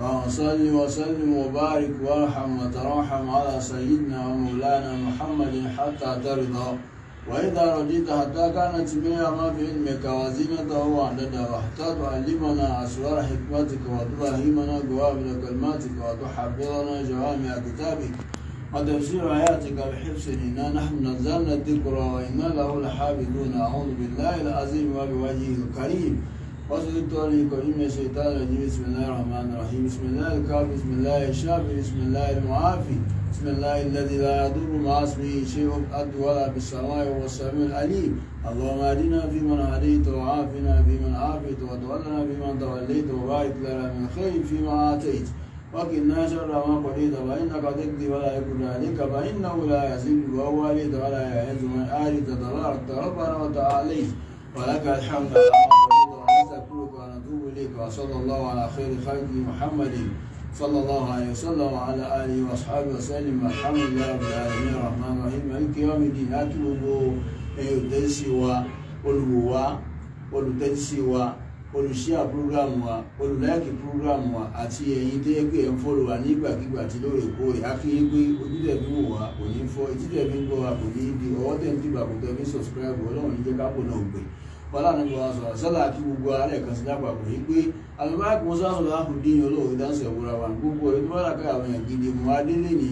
اللهم صل وسلم وبارك وارحم وترحم على سيدنا ومولانا محمد حتى ترضى وإذا رضيت حتى كانت بها ما في علمك وزينته وعدده واحتاط تعلمنا أسرار حكمتك وتفهمنا جواب كلماتك وتحفظنا جوامع كتابك وتفسير آياتك بحفظ إنا نحن نزلنا الذكر وإنا له لحافظون أعوذ بالله العظيم وبوجهه الكريم وصل التولي كريم من الشيطان الرجيم بسم الله الرحمن الرحيم بسم الله الكافي بسم الله الشافي بسم الله المعافي بسم الله الذي لا يضر مع اسمه شيء الأرض ولا في السماء وهو السميع العليم اللهم اهدنا فيمن هديت وعافنا فيمن عافيت وتولنا فيمن توليت وبارك لنا من خير فيما آتيت وقنا شر ما قضيت فإنك تقضي ولا يكون عليك فإنه لا يزيد وهو وليت ولا يعز من آلت تبارك ربنا وتعاليت ولك الحمد إليك وصلى الله على خير خلقه محمد صلى الله عليه وسلم وعلى آله وأصحابه وسلم الحمد لله رب العالمين الرحمن الرحيم مالك يوم الدين láti gbogbo ẹ̀yin olùtẹ́sí wa olùwò wa olùtẹ́sí wa olùṣíà program wa olùláìkì program wa àti ẹ̀yin tó yẹ pé ẹ̀ ń fọ́lọ̀ wa nígbàkigbà tí lóòrèkóòrè akéyé pé ojútẹ̀bí wò wá kò ní fọ́ etítẹ̀bí ń gbọ́ wa kò ní di ọwọ́ tẹ̀ ń dìbà kò tẹ̀ fi subscribe ọlọ́run yíyẹ kápò náà gbé. Ànábì a gbogbo ara ẹ̀kan sí a yìí pé alùpàkù sásọ̀rọ̀ àhùn dín olóòwò dáńsọ̀ ìwúra wa gbogbo ọ̀rẹ́ tó bá rà káyà àwọn gidi mọ́ adélé ní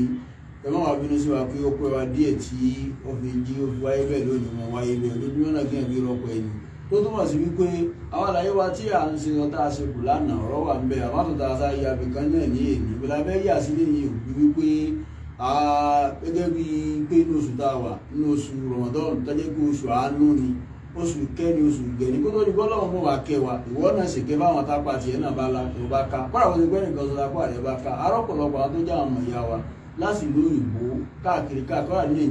ẹ̀mọ́ wa bínú sí wa pé ó pẹ́ wa díẹ̀ tí ó fi jí ó wa wáyé bẹ́ẹ̀ lónìí mọ́ wáyé bẹ́ẹ̀ lójúmọ́ náà kíyàn bí rọ́pọ̀ a ṣe kù lánàá ọ̀rọ̀ wà ń bẹ àwọn àtọ̀tà aṣáájú abìkan náà ní èmi oṣù kẹni oṣù gbẹni kó tó di bọ́lá òun bó wàá kẹwàá ìwọ náà sì ké báwọn tápá tiẹ̀ náà bá la tó bá ká kọ́ra wọ́n ti gbẹ́ nìkan sọ́dá kó àrẹ bá ká arọ́pọ̀lọpọ̀ àwọn tó jẹ́ àwọn ọmọ ìyá wa láti lóyìnbó káàkiri káàkiri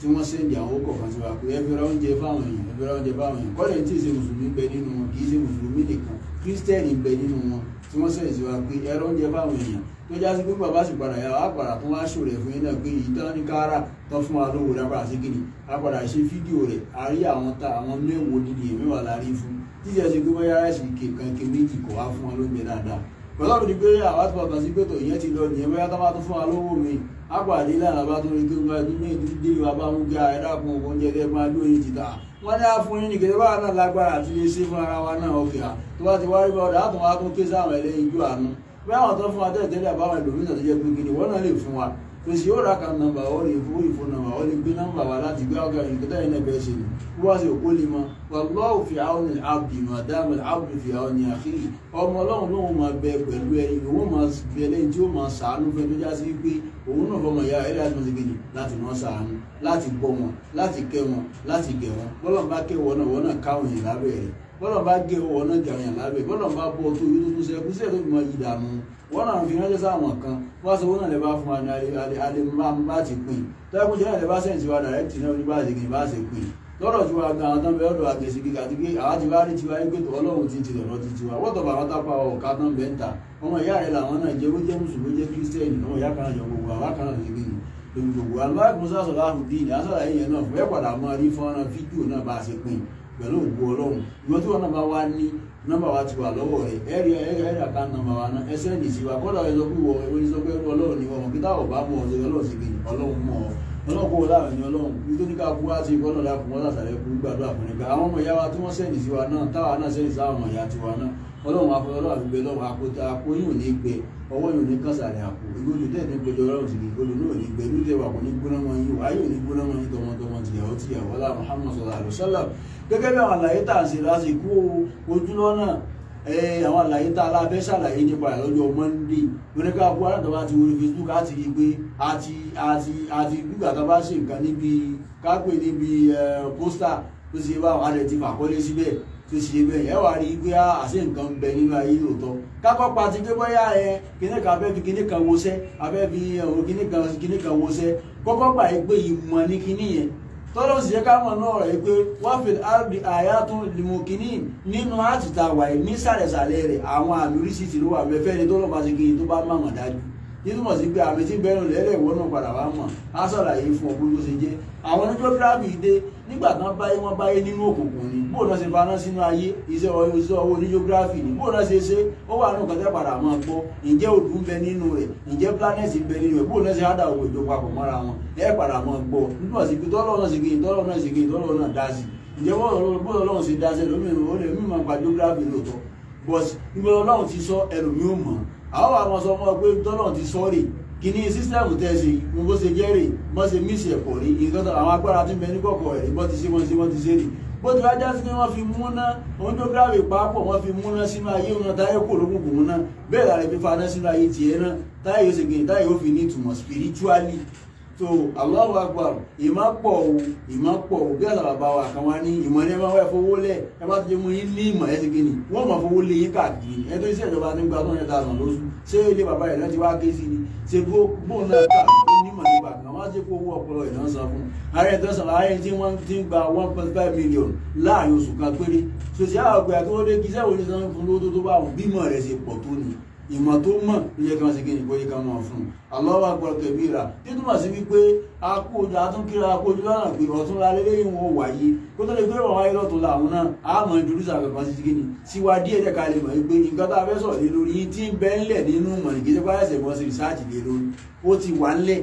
tí wọ́n ṣe ń di àwọn kọ̀ọ̀kan sí wa pé ẹ fẹ́ra oúnjẹ fáwọn èèyàn ẹ fẹ́ra oúnjẹ fáwọn èèyàn kọ́lẹ̀ tí ìṣe mùsùlùmí bẹ nínú wọn kì í ṣe mùsùlùmí nìkan kírísítẹ́nì bẹ nínú wọn tí wọ́n sẹ̀yìn sí wa pé ẹ rọ oúnjẹ fáwọn èèyàn tó jásí pé bàbá sì padà yà wá padà tó wá ṣò rẹ̀ fún yín náà pé èyí tán ní kára tán fún wa lówó lápá sí kìnnì a padà ṣe fídíò rẹ̀ a rí àwọn ta àwọn mẹ́wòó dídì èmẹ́wàá la rí fún títí ẹ ṣe pé bóyá ráìsì kankan méjì kò wá fún wa lóúnjẹ dáadáa pẹ̀lú àwọn pé àwọn àti bàbá sí pé tòun yẹn ti lọ nìyẹn bóyá tó bá tó fún wa lówó mi apàdé lànà bá tó rí kí wọn ẹbí ní ìdí dé ìwà bá mú ga ẹ̀dá kan ògùn jẹgẹ máa lóye jìtá wọn ní àfúnyín nìkan tó bá náà lágbára àti lè ṣe fún ara wa náà ọkẹ à tó bá ti wárí bọ́ọ̀dà àtúnwá tún ké sáwọn ẹlẹ́yinjú àánú bí àwọn tó fún wa tẹ̀tẹ̀lẹ̀ àbáwọn ẹlòmíràn tó jẹ́ pé gidi wọn náà lè fún wa pèsè yóò ra kan nọ́mbà ọ lè fún ìfò nọ́mbà ọ lè gbé nọ́mbà wa láti gbé ọgá ìgbésẹ̀ yìí nẹbẹ ṣe ni wọ́n wá sí òkú lè mọ wallahu fi auni al-abdi ma dama al-abdu fi auni akhihi ọmọ Ọlọ́run náà wọ́n máa bẹ pẹ̀lú ẹ̀yin òun máa bẹ lẹ́yìn tí ó máa sàánú fẹ́ tó jásí pé òun náà fọmọ ìyá ẹ̀rẹ́ àti mọ̀síkejì láti mọ̀ sàánú láti bọ́ wọn láti kẹ́ wọn láti gẹ̀ wọn bọ́lọ́ bọ́lọ̀ bá gé owó náà jàyàn lábẹ́ bọ́lọ̀ bá bọ́ tó yóò tó sẹ́kù sí ẹ̀tọ́ ìmọ̀ yìí dààmú wọ́n náà fi ránṣẹ́ sáwọn kan wá sọ wọ́n náà lè bá fún wa ní alẹ́ máa bá ti pín tẹ́kùn jẹ́ náà lè bá sẹ́ǹtì wa dàrẹ́kìtì náà ní bá ti gbìn bá ti pín lọ́dọ̀ tí wàá gan àtàn bẹ́ẹ̀ ọ̀dọ̀ àgbèsè gíga àti pé àwa ti wá rí tiwa ẹgbẹ́ tó ọlọ́run ti tìrẹ̀ lọ ti tiwa wọ́tọ̀ bàbá tápá ọ̀ka tán bẹ́ẹ̀ ń ta ọmọ ìyá rẹ̀ làwọn náà jẹ́ wọ́n jẹ́ mùsùlùmí jẹ́ kírísítẹ́nì ọmọ ìyá kan àjọ gbogbo àwa kan àjọ gbogbo lórí gbogbo àlùbáàkùn sásọ̀ láhùn dín ní asọ̀rọ̀ yìí yẹn náà pẹ̀lú ògbó ọlọ́run ìwọ tí wọn náà bá wá ní nọ́mbà wa ti wà lọ́wọ́ rẹ ẹ̀rí ẹ̀rí àká nọ́mbà wa náà ẹsẹ̀ ní ìsìwà kọ́dà ẹ̀rọ pé ìwọ ẹ̀rọ ní sọ pé ẹ̀rọ ọlọ́run ni ọmọ kíta ọ̀bá mọ̀ ọ̀sẹ̀ ọlọ́run sì kejì ọlọ́run mọ̀ ọ́ ọlọ́run kó láàrin ní ọlọ́run nítorí ká kú wá sí ìkọ́nà láàkú wọn sàṣàlẹ̀ kú gbàdúrà fún nípa àwọn ọmọ ìyá wa tí wọ́n sẹ́ni sí wa náà táwa náà sẹ́ni sí àwọn ìyá tiwa náà ọlọ́run akọ ọlọ́run àgbègbè ọlọ́run akóta akó yóò ní gbẹ ọwọ́ yóò ní kásàlẹ̀ àpò ìgbóni tẹ́ẹ̀ ní gbẹjọ ọlọ́run sì gbẹjọ náà ní gbẹ lóde wà kò ní gbóná wọn yìí wàá yóò ní gbóná wọn yìí tọmọtọmọ tìyàwó tìyàwó aláàmú gẹ́gẹ́ bí àwọn àlàyé tá à ń ṣe lásìkò ojúlọ́nà àwọn àlàyé tá a la fẹ́ ṣàlàyé nípa ẹ̀ lọ́jọ́ Monday oníkà kú aládàbà ti orí Facebook á ti rí i pé a ti a ti a ti gbígbà tá a bá ṣe nǹkan níbi kápẹ́ níbi pósítà tó ṣe bá a rẹ̀ ti fàkọ́lé síbẹ̀ tó ṣe bẹ́ẹ̀ ẹ wà rí i pé àṣẹ nǹkan ń bẹ nínú ayé lóòótọ́ kápọ́ pa ti gbé bóyá ẹ kíní kan abẹ́ fi kíní kan wọṣẹ́ abẹ́ fi kíní kan kíní kan wọṣẹ́ kọ́kọ́ gbà yí pé ìmọ̀ ní kíní yẹn tọ́lọ́ sì yẹ ká mọ̀ náà rẹ̀ pé wọ́n fi ábí àyàtún limokini nínú àtìtàwà nísàlẹ̀sàlẹ̀ rẹ̀ àwọn àlórísìtì ló wà mẹ́fẹ́ ni tọ́lọ́ bá ti kiri tó bá má mọ̀ dájú nítumọ̀ sí pé àmì tí bẹ́ẹ̀ lọ lẹ́lẹ̀ ìwọ náà padà wá mọ̀ á sọ̀làyé fún ọgbọ́n ló ṣe jẹ́ àwọn oníjógíráfì dé nígbà tán báyé wọ́n báyé nínú òkùnkùn ni bóun náà ṣe faná sínú ayé iṣẹ́ iṣẹ́ ọwọ́ oníjógíráfì ni bóun náà ṣe ṣe ó wà ní nǹkan tẹ́ padà máa gbọ́ ǹjẹ́ òdù ń bẹ nínú rẹ̀ ǹjẹ́ pílánẹ̀tì ń bẹ nínú rẹ̀ bóun náà ṣe á dà owó ìjọ papọ̀ mọ́ra wọn ẹ padà máa gbọ́ nígbà sí pé tọ́lọ́ náà ṣe kí tọ́lọ́ náà ṣe kí tọ́lọ́ náà dá sí ǹjẹ́ bóun náà ṣe dá sí ẹlòmíràn ó lè mímọ̀ gba jógíráfì lóòótọ́ but ìgbọ́lọ́run ti sọ ẹlòmíràn mọ̀ àwọn àwọn sọ fún ọ pé tọ́nà ti sọ́ọ̀rì kìíní sísítẹ́ẹ̀mù tẹ̀sí mo bó ṣe jẹ́rì bó ṣe mísì ẹ̀kọ́ rí nǹkan tó àwọn agbára tí mẹ́ni kọ̀ọ̀kọ̀ ẹ̀ bó ti ṣe wọ́n ṣe wọ́n ti ṣe rí bó ti wá já sí pé wọ́n fi múná onídógráfì papọ̀ wọ́n fi múná sínú ayé wọn táyé kò lókùn kò múná bẹ́ẹ̀ lára ibi faná sínú ayé tiẹ̀ náà táyé yóò ṣe gbìyànjú táyé yóò fi ní ìtumọ̀ spiritually so Allahu Akbar ìmọ̀ pọ̀ o ìmọ̀ pọ̀ o bí àlàbà wa kan wá ní ìmọ̀ ní ẹ máa wá fowó lẹ̀ ẹ bá ti mú yín ní ìmọ̀ ẹ ti kí ni wọ́n máa fowó lé yín káàkiri ẹ tó iṣẹ́ ìjọba ní gba tó ń yẹn dànù lóṣù ṣé ilé bàbá rẹ̀ náà ti wá ké sí ni ṣe bó bó náà kà ó nímọ̀ nípa kan wọ́n á ṣe kó owó ọpọlọ ìdán san fún ààrẹ ìdán san ààrẹ tí wọ́n ti ń gba one point five million láàrin ìmọ̀ tó mọ̀ ló yẹ kí wọ́n ṣe kí ìbò yìí ká mọ̀ fún un Allahu Akbar kabira títúmọ̀ sí wípé akóòjọ atúnkíra akóòjọ lọ́nà pé ọ̀tún la lélẹ́yìn wọn wáyé kó tó lè gbé ọ̀rọ̀ wáyé lọ́tún làwọn náà á mọ̀ ìdúrúsà kankan sí ni síwá díẹ̀ jẹ́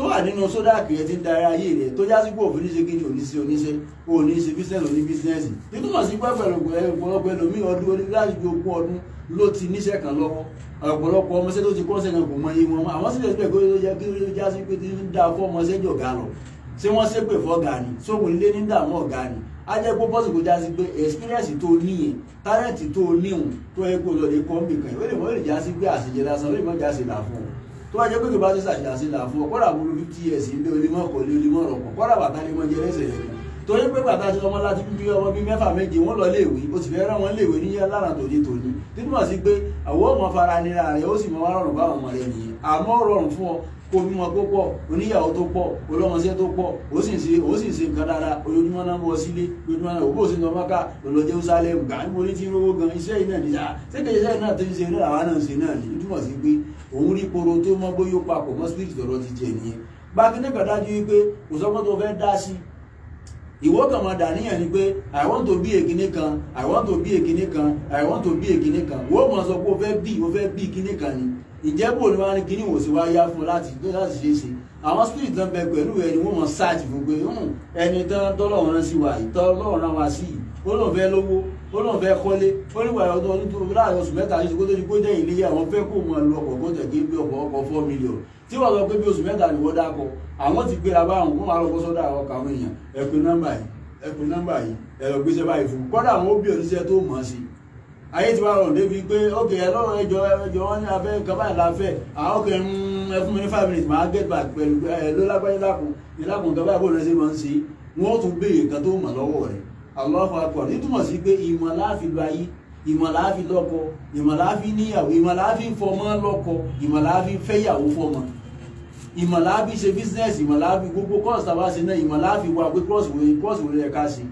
tó wà nínú sódà kìí ti ń darí ayé rẹ tó já sí pé òfin níṣe kí ni oníṣe oníṣe oníṣe bísíǹsì oní bísíǹsì nítorí sí pé ọ̀pọ̀lọpọ̀ ẹlòmíì ọdún orí láti ju ogún ọdún ló ti níṣẹ́ kan lọ́wọ́ ọ̀pọ̀lọpọ̀ ọmọṣẹ́ tó ti kọ́ṣẹ́ kan kò mọ iye wọn àwọn sílẹ̀ síbẹ̀ kó yẹ kí ó já sí pé ti ń da fọ́ ọmọṣẹ́ jọ̀gá lọ ṣé wọ́n ṣépè fọ́gà ni sóhun ilé ní dààmú ọ̀gá ni a jẹ́ pé bọ́sì kò já sí pé experience tó níyẹn talent tó níhun tó yẹ kó lọ lè kọ́ ń bìkan ìwé lè mọ́ lè já sí pé àṣejẹ lásán lè mọ́ já sí là fún tó bá jẹ́ pé kìí bá ṣe ṣàṣàṣe là fún ọ kọ́ra àbúrò fifty years ilé onímọ̀ kọ́lé onímọ̀ rọ̀pọ̀ kọ́ra bàtà ni mo jẹ lẹ́sẹ̀ yẹn torí pé bàtà ṣe ọmọ láti bí ọmọ bíi mẹ́fà méje wọ́n lọ léèwé o sì fẹ́ rán wọn léèwé ní lára tòní tòní títúmọ̀ sí pé àwọn ọmọ fara nira rẹ̀ ó sì mọ wá rọrùn báwọn ọmọ rẹ̀ nìyẹn àmọ́ rọrùn fún ọ kó bímọ tó pọ̀ oníyàwó tó pọ̀ olómọṣẹ́ tó pọ̀ ó sì ń ṣe ó sì ń ṣe nǹkan dáadáa ojoojúmọ́ náà wọ sílé ojoojúmọ́ náà òbó òsínú ọmọká lọ́lọ́ Jerusalem gà ń mo ní ti rówó gan iṣẹ́ yìí náà nìyà sẹ́kẹ̀ iṣẹ́ náà tó ń ṣe náà àwọn náà ń ṣe náà nìyí túmọ̀ sí pé òun rí poro tó mọ́ bóyó papọ̀ mọ́ spirit tọ̀rọ̀ ti jẹ nìyẹn bákin náà kàdájú wípé kò sọ́kọ́ tó fẹ́ dá sí ìwọ kàn máa dàníyàn ni pé i want to be èkíní kan i want to be èkíní kan i want to be èkíní kan wọ́n mọ̀ sọ pé o fẹ́ bí o fẹ́ bí kíní kan ni ìjẹ́bù ni wọ́n á ní kíní wò sí wá yá fún láti gbé láti ṣe é ṣe àwọn spirit náà bẹ pẹ̀lú ẹni wọ́n mọ̀ ṣáàtì fún pé hmm, ẹni tọ́lọ́run rán sí wa yìí tọ́lọ́run rán wa sí yìí ó lóun fẹ́ lówó ó lóun fẹ́ kọ́lé ó níwà ọdún ọdún tó láàrin oṣù mẹ́ta yìí kó tó di kó jẹ́ ìléyà àwọn fẹ́ kó mọ̀ lu ọkọ̀ gbọ́dọ̀ gé bí ọkọ̀ ọkọ̀ four million tí wọ́n sọ pé bí oṣù mẹ́ta ni wọ́n dákọ̀ àwọn ti gbéra báwọn kó máa lọ sọ́dọ̀ àwọn èèyàn ẹ nọ́mbà yìí ẹ nọ́mbà yìí ẹ̀rọ gbéṣẹ́ báyìí fún kọ́dà àwọn ó oníṣẹ́ tó mọ̀ ọ́ sí i ayé ti wá rọ̀ débi pé ókè ẹlọ́run ẹjọ ẹjọ wọn ní abẹ́ gaba ìlàfẹ́ àwọn ókè ń ẹfún mi ní five minutes máa get back pẹ̀lú ẹ ló lágbáyé lákùn ìlákùn gaba ìbò rẹ ṣe máa ń ṣe wọ́n tún béèrè kan tó mọ̀ lọ́wọ́ rẹ̀ Allahu akbar nítumọ̀ sí pé ìmọ̀ láàfi lu ayé ìmọ̀ láàfi lọ́kọ ìmọ̀ láàfi níyàwó ìmọ̀ láàfi fọmọ lọ́kọ ìmọ̀ láàfi fẹ́yàwó fọmọ ìmọ̀ láàfi ṣe business ìmọ̀ láàfi gbogbo course tàbá ṣe náà ìmọ̀ láàfi wà pé cross wòye cross wòye ẹ̀ka ṣe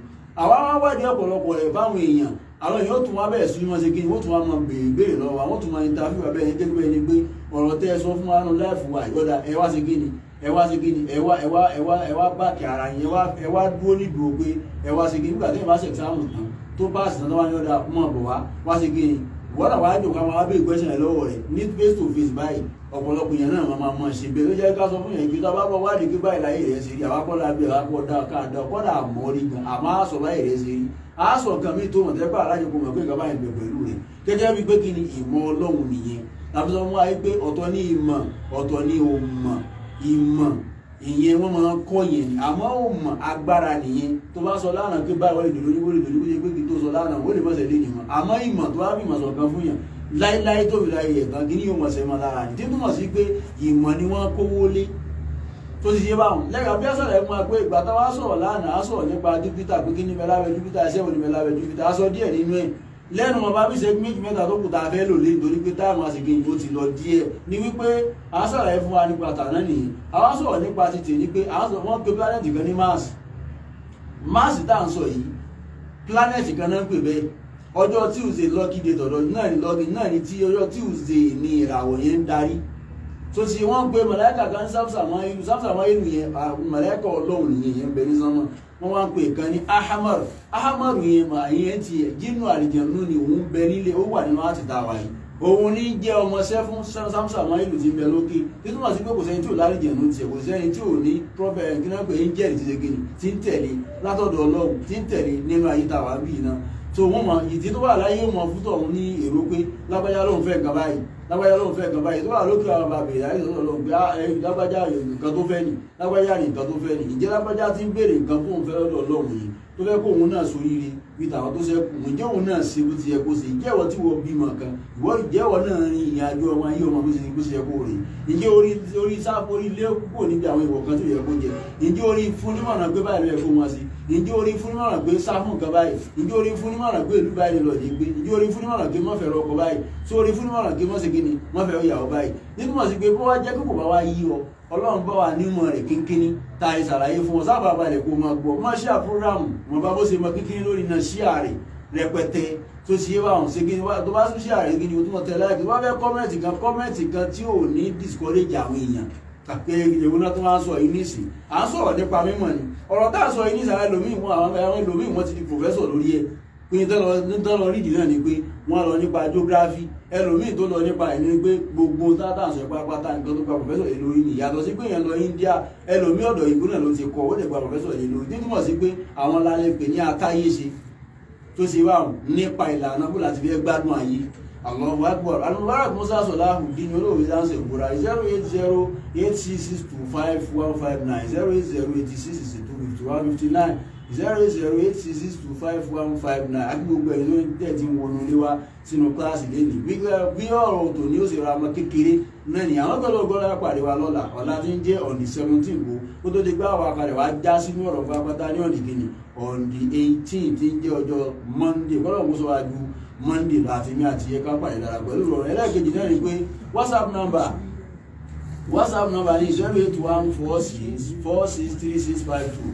àwa wá wádìí ọ̀pọ̀lọpọ̀ rẹ̀ fáwọn èèyàn àwọn èèyàn tún wá bẹ̀rẹ̀ sí wọn ṣe kí ni wọ́n tún wá máa béèrè béèrè lọ́wọ́ àwọn tún máa interview abẹ́ ẹni dẹ́gbẹ́ ẹni pé ọ̀rọ̀ tẹ́ ẹ sọ fún wa nù láìfù wa ìgbọ́dà ẹ wá ṣe kí ni ẹ wá ṣe kí ni ẹ wá ẹ wá ẹ wá ẹ wá báàkì ara yín ẹ wá dúró nídùú pé ẹ wá ṣe kí nígbà tí ẹ bá ṣe ẹ̀sáàmù tán tó páàsì tán náà wá ní ọ̀dà mọ̀ bọ̀ wá wá ṣe kí ni wọ́n náà wá jò ká máa wá béèrè question lọ́wọ́ rẹ̀ face to face báyìí ọ̀pọ̀lọpọ̀ yẹn náà máa máa ṣe bẹ́ẹ̀ ló jẹ́ ká sọ fún yẹn pé tábà bọ̀ wádìí pé báyìí láyé rẹ̀ ṣe rí àwọn akọ́lá bí àwọn akọ́ dá ká dá kọ́lá àmọ́rí gan àmọ́ àṣọ báyìí rẹ̀ ṣe rí àṣọ nǹkan mi tó mọ̀tẹ́ bá alájọ kò mọ̀ pé nǹkan báyìí bẹ̀ pẹ̀lú rẹ̀ gẹ́gẹ́ bíi pé kí ni ìmọ̀ ọlọ́run nìyẹn láti sọ fún wa pé ọ̀tọ̀ ní ìmọ̀ ọ̀tọ̀ ní òmọ̀ ìmọ̀ ìyẹn ni àmọ́ òmọ̀ agbára nìyẹn tó bá sọ láéláé tó fi láyé ẹ̀gbọ́n kí ni yóò mọ̀ sẹ́yìn mọ́ ní tí ó sí pé ìmọ̀ ni wọ́n kówó lé tó ti ṣe báwọn lẹ́yìn abíyá sọ̀rọ̀ ẹ̀ máa pé ìgbà táwa sọ̀rọ̀ lánàá á sọ̀rọ̀ nípa júpítà pé kí ni mẹ́lábẹ́ júpítà ẹsẹ̀ wo ni mẹ́lábẹ́ júpítà á sọ díẹ̀ nínú ẹ̀ lẹ́nu ọba bí ṣe méjì mẹ́ta tó kù tá a fẹ́ lò lé nítorí pé táwọn àsìkò ìbò ti lọ díẹ̀ ni wípé a sọ̀rọ̀ ẹ̀ fún wa nípa tàná nìyí àwa sọ̀rọ̀ nípa ti ní pé wọ́n pe planet kan ní Mars Mars tá à ń sọ yìí planet kan náà ń pè bẹ́ẹ̀ ọjọ́ tuesday lucky day tọ̀dọ̀ náà ni lucky náà ni tí ọjọ́ tuesday ni ìràwọ̀ yẹn ń darí tó ti wọ́n pe mọ̀láìkà kan sáfsàmáyélu sáfsàmáyélu yẹn mọ̀láìkà ọlọ́run yẹn yẹn bẹ ní sánmọ́ wọ́n wá ń pe kan ní ahamaru ahamaru yẹn mà yẹn ti yẹ jínú àlìjẹ̀nu ni òun bẹ nílé ó wà nínú àti tàwa yìí òun ní jẹ́ ọmọọṣẹ́ fún sáfsàmáyélu ti bẹ lókè tí túmọ̀ sí pé kò sẹ́ni tí ò lálìjẹ̀nu tiẹ̀ kò sẹ́ni tí ò ní prọfẹ̀ kí náà pé ń jẹ́rìí ti so wọ́n mọ̀ ìdí tó wà láyé wọn fún tọ̀hún ní èrò pé lágbájá ló ń fẹ́ nǹkan báyìí lágbájá ló ń fẹ́ nǹkan báyìí tó wà lókè àwọn bàbá ìyá ìsọ̀rọ̀ lọ pé ah, lágbájá nǹkan tó fẹ́ nì lágbájá nǹkan tó fẹ́ nì ìjẹ́ lágbájá ti ń béèrè nǹkan fóun fẹ́ lọ́dọ̀ Ọlọ́run yìí tó fẹ́ kó òun náà soríire bí tàwọn tó ṣẹ́kù ǹjẹ́ òun náà ṣe bó ti yẹ kó ṣe ìjẹ́ tí wọ́n bímọ kan ìwọ ìjẹ́ náà rin ìrìn àjò ọmọ ayé ọmọ bó ṣe bó ṣe yẹ kó rè ǹjẹ́ orí orí sáfù orí kúkò níbi àwọn ìwọ̀ kan tó yẹ kó jẹ ǹjẹ́ orí fún nímọ̀ràn pé báyìí ló kó wọn ṣe ìjọ orin fún nímọ̀ràn pé sá fún nǹkan báyìí ìjọ orin fún nímọ̀ràn pé ìlú báyìí lọ lè gbé ìjọ orin fún nímọ̀ràn pé mọ̀fẹ́ rọkọ báyìí tó orin fún nímọ̀ràn pé mọ̀sẹ̀ kí ni mọ̀fẹ́ ìyàwó báyìí nínú mọ̀ sí pé bó wá jẹ́ kókò bá wá yí ọ ọlọ́run bá wà nímọ̀ rẹ̀ kínkínní ta ìsàlàyé fún ọ sábà balẹ̀ kó máa gbọ́ má ṣíà prógráàmù wọn bá bó ṣe mọ kínkínní lórí náà ṣíà rẹ̀ rẹpẹtẹ tó ṣe é báwọn ṣe gíní tó bá tún ṣíà rẹ̀ gíní o tún mọ̀ tẹ́lẹ̀ láìpẹ́ wọ́n fẹ́ kọ́mẹ̀ntì kan kọ́mẹ̀ntì kan tí ò ní discourage àwọn èèyàn pé ìjẹ̀wò náà tó máa ń sọ yìí nísì à ń sọ̀rọ̀ nípa mímọ̀ ni ọ̀rọ̀ tá à ń sọ yìí nísì àwọn ẹlòmíì wọn àwọn geography ẹlòmíì tó ni pé gbogbo tátàǹsọ̀ pápátá nǹkan tó gba pòfẹ́sọ̀ yìí lórí ni yàtọ̀ sí pé yẹn lọ India ẹlòmíì ọ̀dọ̀ ìgbó náà ló ti kọ́ ó lè gba pòfẹ́sọ̀ yìí lórí títúmọ̀ sí pé àwọn lálẹ́ pè ní Allahu Akbar alubara musa solahu dín olóòwe dáhùn ìbúra zero eight zero eight six six two five one five nine zero eight zero eight six six two fifty one fifty nine zero eight zero eight six six two five one five nine àti gbogbo ẹ̀yin ló ń tẹ̀sí wọnú léwá sínú kíláàsì lẹ́yìn bí ọ̀rọ̀ tòní ó sì ra ọmọ kékeré náà ni àwọn gbọ́dọ̀ gbọ́dọ̀ pàdé wa lọ́la ọ̀la tí ń jẹ́ ọ̀nì seventeen wo kó tó di pé àwọn akalẹ̀ wa já sínú ọ̀rọ̀ pápátá ní ọ̀nì kìíní ọ̀nì eighteen tí ń jẹ́ ọjọ́ Monday gbọ́dọ̀ mú sọ wájú monday láti mi àti ẹ̀ka pàdé dára pẹ̀lú ìrọ̀rùn ẹlẹ́ẹ̀kejì náà ni pé whatsapp number whatsapp number ni zero eight one four six four six three six five two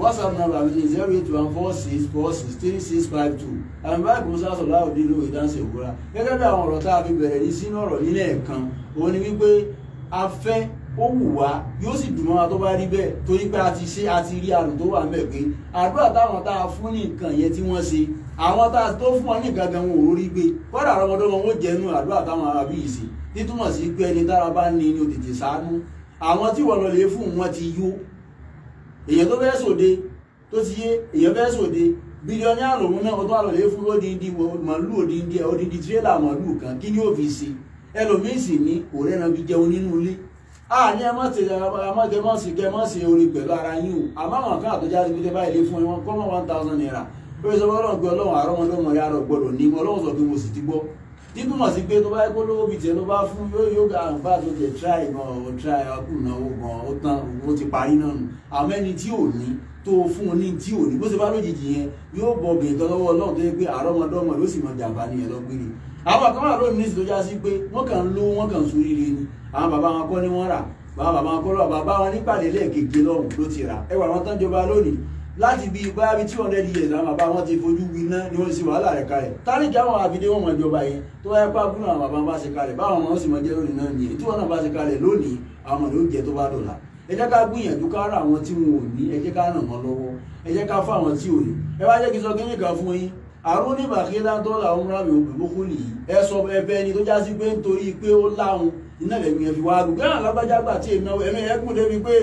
whatsapp number mi ni zero eight one four six four six three six five two àmì báyìí kò sáà sọ̀rọ̀ láwùjọ ìlú ìdánsẹ̀ òwúra gẹ́gẹ́ bí àwọn ọ̀rọ̀ tá a fi bẹ̀rẹ̀ ní sínú ọ̀rọ̀ nílẹ̀ kan òun ni wípé a fẹ́ ó wù wá yóò sì dùn mọ́ra tó bá rí bẹ́ẹ̀ torí pé a ti ṣe a ti rí àrùn tó wà ń bẹ̀ pé àdúrà táwọn tá a fún ní nǹkan yẹn tí wọ́n ṣe àwọn tá a tó fún ọ ní gangan wọn ò rí gbé kọ́dà ọmọdọ́mọ wọn jẹnu àdúrà táwọn arábí yìí sí títúmọ̀ sí pé ẹni tára bá ní ni òtètè sàánú àwọn tí wọ́n lọ lè fún wọn ti yó èèyàn tó fẹ́ sòde tó ti yé èèyàn fẹ́ sòde bílíọ̀nì àlòmú náà tó wà lọ lè fún lódìndí màálù òdìndí òdìndí tírélà màálù kan kí ni ó fi ṣe ẹlòmíín sì ní òrẹ́ náà fi jẹun nínú ilé a ní ẹ má ṣe ẹ má ṣe kẹ má ṣe orí pẹ̀lú ara yín o àmọ́ àwọn kan àtọ́jà ti fi tẹ́ báyìí lé fún ẹ wọn kọ́ mọ́ one thousand naira ó sọ fọlọ́n pé ọlọ́run àárọ̀ wọn lọ́mọ ya rọ̀ gbọ́dọ̀ ní mọ́ ọlọ́run sọ pé mo sì ti gbọ́ tí túmọ̀ sí pé tó bá yẹ kó lówó bìtẹ́ ló bá fún yóò yóò ga àǹfà tó jẹ try gan ọ try ọkùn náà ó gan ó tán ó ti parí náà nù àmọ́ ẹni tí ò ní tó fún un ní tí ò ní bó ṣe bá lójijì yẹn yóò bọ bìnrin kan lọ́wọ́ ọlọ́run tó yẹ pé àrọ́mọdọ́mọ yóò sì mọ jàǹbá ní ẹ̀ lọ́gbìnrin àwọn àkọ́mọ́ àrò ní ìsìn tó já sí pé wọ́n kàn ń lówó wọ́n kàn ń soríire ni àwọn bàbá wọn kọ́ ni wọ́n rà bàbá wọn kọ́ lọ́wọ́ bàbá wọn nípàdé lẹ́ẹ̀kejì lọ́rùn ló ti rà ẹwà wọn tán jọba lónìí láti bí báyà bí two hundred years àwọn bàbá wọn ti fojú winá ni wọ́n ti wàhálà rẹ̀ kalẹ̀ tálíkì àwọn àfidé wọn mọ̀ ìjọba yẹn tó wáyé pa gúnà àwọn bàbá bá ṣe kalẹ̀ báwọn ọmọ sì mọ̀ jẹ́ lónìí náà nìyẹn tí wọ́n náà bá ṣe kalẹ̀ lónìí àwọn ọmọdé ó jẹ tó bá dọ̀la ẹ jẹ́ ká gbìyànjú ká ra àwọn tí wọn ò ní ẹ jẹ́ ká ràn wọ́n lọ́wọ́ ẹ jẹ́ ká fún àwọn tí ò ní ẹ wá jẹ́ kí sọ kíní kan fún yín àrùn ní bàkílá tó làwọn múramì òbíbókó nìyí ẹ sọ ẹbẹ ni tó já pé nítorí pé ó láwọn iná lẹ́mìí ẹ fi wá gbogbo ẹ hàn lágbájá gbà tí èmi náà ẹnu ẹ kù débi pé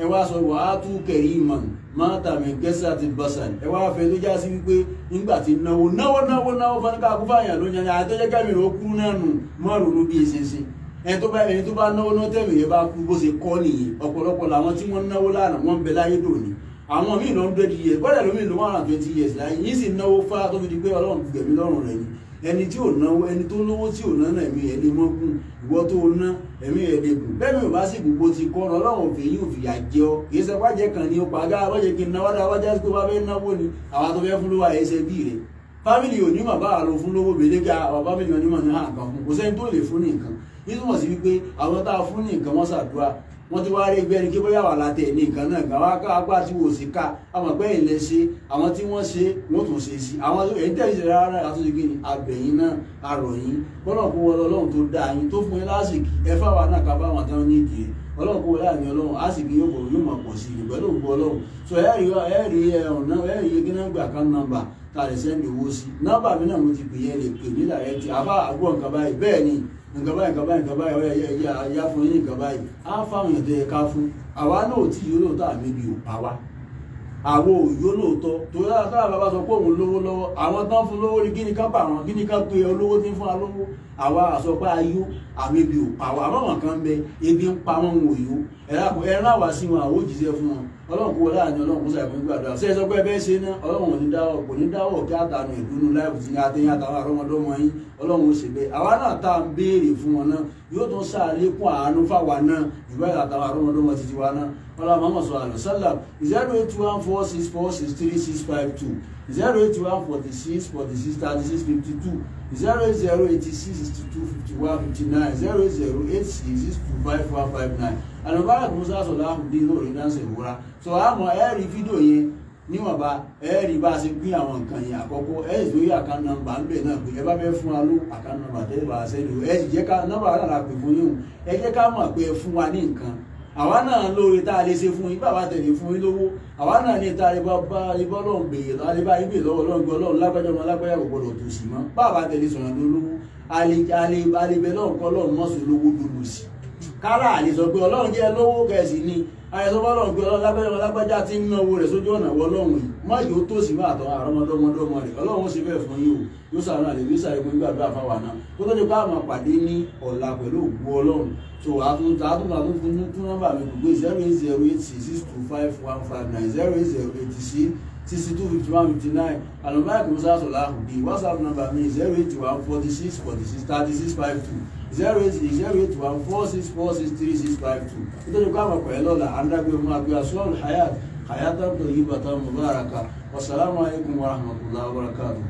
ẹ wá sọ wàá tú kẹ̀rí ìmọ̀ máa tàmí gẹ́sẹ̀ àti bọ́sàn ẹ wá fẹ́ tó já sí wípé nígbà tí náwó náwó náwó náwó fanika akúfàyàn ló yan àtẹ́jẹ́ kẹ́mi ló kú náà nù mọ́ ronú bí ìṣinṣin ẹ tó bá ẹni tó bá náwó náà tẹ̀mí yẹn bá kú bó ṣe kọ́ nìyẹn ọ̀pọ̀lọpọ̀ làwọn tí wọ́n náwó lánàá wọ́n bẹ láyé dòní àwọn míì lọ ń dẹ́di yẹ gbọ́dọ̀ lómi lọ́wọ́ àrùn twenty years láyé yìí sì náwó fá tó fi di pé ọlọ́run gbẹ̀mí lọ́rùn rẹ̀ ni ẹni tí ò náwó ẹni tó náwó tí ò náà ẹ̀mí ẹ̀ lè mọ́gùn ìwọ tó ná ẹ̀mí ẹ̀ lè gùn bẹ́ẹ̀ mi ò bá sì gbogbo ti kọ́ ọ ọlọ́run fi yóò fìyà jẹ ọ kì í ṣe wájẹ kan ní ọ̀pá agá wájẹ kí n náwó dáa wájẹ tó bá fẹ́ náwó ni àwa tó fẹ́ fún lówó àyẹsẹ bí rẹ fámìlì òní màbá àlọ fún lówó gbèdéke àwọn fámìlì òní màbá àlọ fún kò sẹ́ni tó lè fún ní nítorí wọ́n sì wípé àwọn tá a fún ní wọ́n ṣàdúrà wọ́n ti wá rí ẹgbẹ́ ẹni kí bóyá wà látẹ̀ ní nǹkan náà gbà wá káwá tí wò sí ká àwọn pẹ́ ìlẹ̀ ṣe àwọn tí wọ́n ṣe wọ́n tún ṣe sí àwọn èyí tẹ̀lé ìṣẹ̀lẹ̀ ara àtúnṣe kí ni àbẹ̀yìn náà àròyìn bọ́lá kó wọlé ọlọ́run tó dá yín tó fún yín lásìkò ẹ fáwọn náà ká bá wọn tán ní ìdí ọlọ́run kó wọlé àmì ọlọ́run àsìkò yóò bọ̀ yóò máa pọ̀ sí i pẹ̀lú òkú ọlọ́run so ẹ̀rí ọ̀nà ẹ̀rí gínágbà kan nọ́mbà tá a lè sẹ́ndì owó sí nọ́mbà mi náà mo ti pè é lè pè nílà ẹ̀ ti àbá àgbọ̀ǹkan báyìí bẹ́ẹ̀ ni nǹkan báyìí nǹkan báyìí nǹkan báyìí ọ̀rẹ́ ẹ̀yà ẹ̀yà fún yín nǹkan báyìí á fáwọn èèyàn tó yẹ ká fún àwa náà tí yóò lóòótọ́ àmì ibi ò pa wá àwo yóò lóòótọ́ torí àwọn táwọn bàbá sọ pé òun lówó lọ́wọ́ àwọn tán fún lówó ni kíni ká bà wọn kíni ká pe olówó tí ń fún wa àwa àsọpá ayó àwọn ebi ò pa wá àmọ́ wọn kan bẹ ebi ń pa wọn wò yó ẹ̀rọ àpò ẹ̀rọ àwa sí wọn àwọn òjìṣẹ́ fún wọn ọlọ́run kó wọlé àná ọlọ́run kó sàbẹ̀ gbàdúrà ṣé ẹ sọ pé ẹ bẹ́ẹ̀ ṣe ná ọlọ́run ò ní dáwọ́ kò ní dáwọ́ kí àtànù ìdúnú láìpù ti ní atẹ́yìn àtàwọn àrọ́mọdọ́mọ yín ọlọ́run ó ṣe bẹ́ẹ̀ àwa náà tá à ń béèrè fún wọn náà yóò tún sàlékún àánú fáwa náà ìwé àtàwọn àrọ́mọdọ́mọ ti ti wa náà ọlọ́run mọ́mọ́ sọ àlọ́ sálà zero eight one four six four six three six five two zero eight one forty six forty six thirty six fifty two zero zero eighty six sixty two fifty one fifty nine zero zero eight six six two five four five nine alubarak musa sọlá ahùndín lórí dánsẹ̀ ìwúra sọ àmọ́ ẹ rí fídíò yẹn níwọ̀nba ẹ rí bá a ṣe pín àwọn nǹkan yẹn àkọ́kọ́ ẹ sì lórí àká nọ́mbà ń bẹ̀ náà pé ẹ bá fẹ́ fún wa ló àká nọ́mbà tẹ́lẹ̀ bá a ṣẹ́ni o ẹ sì jẹ́ ká nọ́mbà alára pè fún yín o ẹ jẹ́ ká mọ̀ pé ẹ fún wa ní nǹkan àwa náà lóore tá a lè ṣe fún yín bàbá tẹ̀lé fún yín lówó àwa náà ní ta ibà bá ibà ọlọ́run gbèyè alẹ́bá ibè lọ́wọ́ ọlọ́run gbé ọlọ́run lágbájọ́ ọmọ lágbájá kò gbọdọ̀ tó sì mọ́ bàbá tẹ̀lé sọ̀rọ̀ lólówó alẹ́ alẹ́ alẹ́ bẹ́ẹ̀ lọ́run kọ́ ọlọ́run mọ́sùn lówó dolóṣì kára àlè sọ pé ọlọ́run jẹ́ lówó kẹ̀sì ni àìsọ bọ́lọ́run pé ọlọ́run lágbájá lágbájá tí ń náwó rẹ̀ sójú ọ̀nà wọ ọlọ́run yìí má yóò tó sí bàtọ̀ àrọ́mọdọ́mọdọ́mọ rẹ̀ ọlọ́run ó sì bẹ́ẹ̀ fún yìí o yóò sàánú àlè yóò sàánú ìgbà àdúrà fáwọn àná kó tó ti pa àmọ́ pàdé ní ọ̀la pẹ̀lú ògbó ọlọ́run tó àtúntà àtúntà tuntun tún nọ́mbà mi kò gbé zero eight zero eight six six two five one five nine zero eight zero eight six six two fifty one fifty nine àlùmáàkì musa sọlá àkùdí whatsapp nọ́mbà mi zero eight one forty six forty six thirty six five two zero eight six zero eight one four six four six three six five two nítorí pé àwọn ọkọ̀ ẹ̀ lọ́la àńdàgbé ọmọ àgbẹ̀ asọ́ọ̀lù hayat hayatan tó yí bàtà mubaraka wasalaamualeykum wa rahmatulahi wa barakatuh.